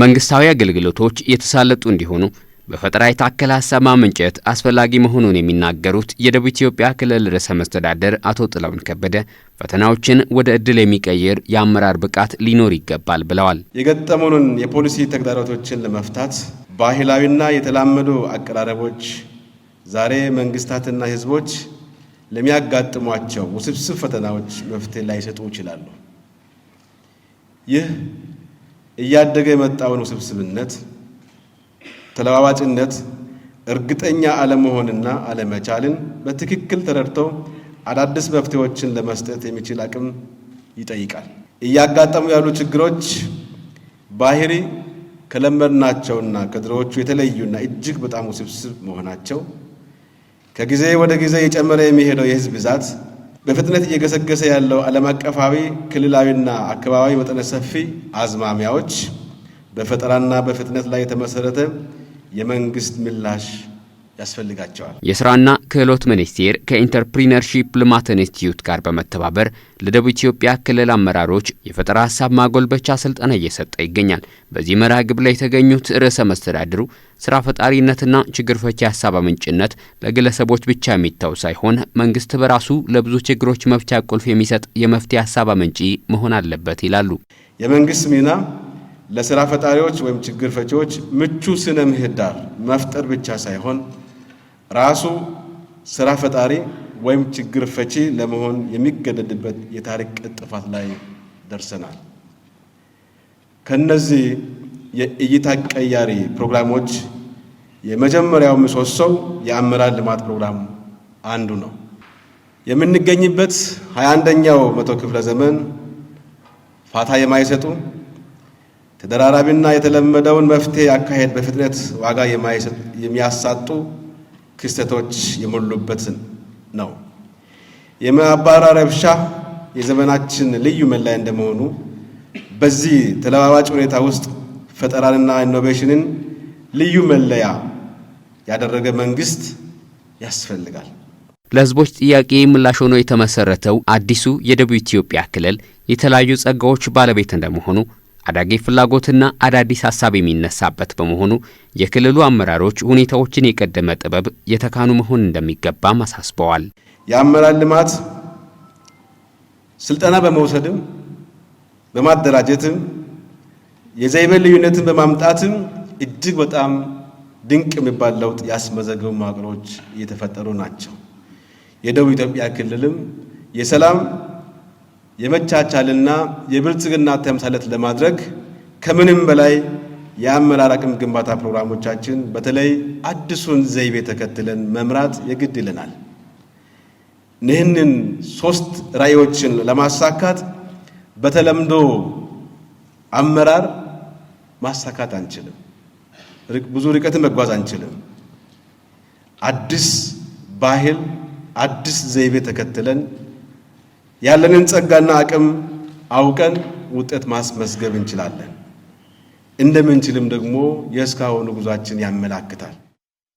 መንግስታዊ አገልግሎቶች የተሳለጡ እንዲሆኑ በፈጠራ የታከለ ሀሳብ ማመንጨት አስፈላጊ መሆኑን የሚናገሩት የደቡብ ኢትዮጵያ ክልል ርዕሰ መስተዳደር አቶ ጥላሁን ከበደ ፈተናዎችን ወደ እድል የሚቀይር የአመራር ብቃት ሊኖር ይገባል ብለዋል። የገጠሙንን የፖሊሲ ተግዳሮቶችን ለመፍታት ባህላዊና የተላመዱ አቀራረቦች ዛሬ መንግስታትና ህዝቦች ለሚያጋጥሟቸው ውስብስብ ፈተናዎች መፍትሄ ላይሰጡ ይችላሉ። ይህ እያደገ የመጣውን ውስብስብነት፣ ተለዋዋጭነት፣ እርግጠኛ አለመሆንና አለመቻልን በትክክል ተረድተው አዳዲስ መፍትሄዎችን ለመስጠት የሚችል አቅም ይጠይቃል። እያጋጠሙ ያሉ ችግሮች ባህሪ ከለመድናቸውና ከድሮዎቹ የተለዩና እጅግ በጣም ውስብስብ መሆናቸው፣ ከጊዜ ወደ ጊዜ የጨመረ የሚሄደው የህዝብ ብዛት በፍጥነት እየገሰገሰ ያለው ዓለም አቀፋዊ ክልላዊና አካባቢያዊ መጠነ ሰፊ አዝማሚያዎች በፈጠራና በፍጥነት ላይ የተመሰረተ የመንግስት ምላሽ ያስፈልጋቸዋል። የስራና ክህሎት ሚኒስቴር ከኢንተርፕሪነርሺፕ ልማት ኢንስቲትዩት ጋር በመተባበር ለደቡብ ኢትዮጵያ ክልል አመራሮች የፈጠራ ሀሳብ ማጎልበቻ ስልጠና እየሰጠ ይገኛል። በዚህ መርሃ ግብር ላይ የተገኙት ርዕሰ መስተዳድሩ ስራ ፈጣሪነትና ችግር ፈቺ ሀሳብ አመንጭነት ለግለሰቦች ብቻ የሚታው ሳይሆን መንግስት በራሱ ለብዙ ችግሮች መፍቻ ቁልፍ የሚሰጥ የመፍትሄ ሀሳብ አመንጪ መሆን አለበት ይላሉ። የመንግስት ሚና ለስራ ፈጣሪዎች ወይም ችግር ፈቺዎች ምቹ ስነ ምህዳር መፍጠር ብቻ ሳይሆን ራሱ ስራ ፈጣሪ ወይም ችግር ፈቺ ለመሆን የሚገደድበት የታሪክ ቅጥፋት ላይ ደርሰናል። ከነዚህ የእይታ ቀያሪ ፕሮግራሞች የመጀመሪያው ምሰሶው የአመራር ልማት ፕሮግራም አንዱ ነው። የምንገኝበት 21ኛው መቶ ክፍለ ዘመን ፋታ የማይሰጡ ተደራራቢና የተለመደውን መፍትሄ አካሄድ በፍጥነት ዋጋ የሚያሳጡ ክስተቶች የሞሉበት ነው። የማያባራ ረብሻ የዘመናችን ልዩ መለያ እንደመሆኑ በዚህ ተለዋዋጭ ሁኔታ ውስጥ ፈጠራንና ኢኖቬሽንን ልዩ መለያ ያደረገ መንግስት ያስፈልጋል። ለህዝቦች ጥያቄ ምላሽ ሆኖ የተመሰረተው አዲሱ የደቡብ ኢትዮጵያ ክልል የተለያዩ ጸጋዎች ባለቤት እንደመሆኑ አዳጊ ፍላጎትና አዳዲስ ሀሳብ የሚነሳበት በመሆኑ የክልሉ አመራሮች ሁኔታዎችን የቀደመ ጥበብ የተካኑ መሆን እንደሚገባም አሳስበዋል። የአመራር ልማት ስልጠና በመውሰድም በማደራጀትም የዘይበን ልዩነትን በማምጣትም እጅግ በጣም ድንቅ የሚባል ለውጥ ያስመዘገቡ መዋቅሮች እየተፈጠሩ ናቸው። የደቡብ ኢትዮጵያ ክልልም የሰላም የመቻቻልና የብልጽግና ተምሳሌት ለማድረግ ከምንም በላይ የአመራር አቅም ግንባታ ፕሮግራሞቻችን በተለይ አዲሱን ዘይቤ ተከትለን መምራት የግድ ይለናል። ይህንን ሶስት ራዕዮችን ለማሳካት በተለምዶ አመራር ማሳካት አንችልም። ብዙ ርቀትን መጓዝ አንችልም። አዲስ ባህል፣ አዲስ ዘይቤ ተከትለን ያለንን ጸጋና አቅም አውቀን ውጤት ማስመዝገብ እንችላለን። እንደምንችልም ደግሞ የእስካሁኑ ጉዟችን ያመላክታል።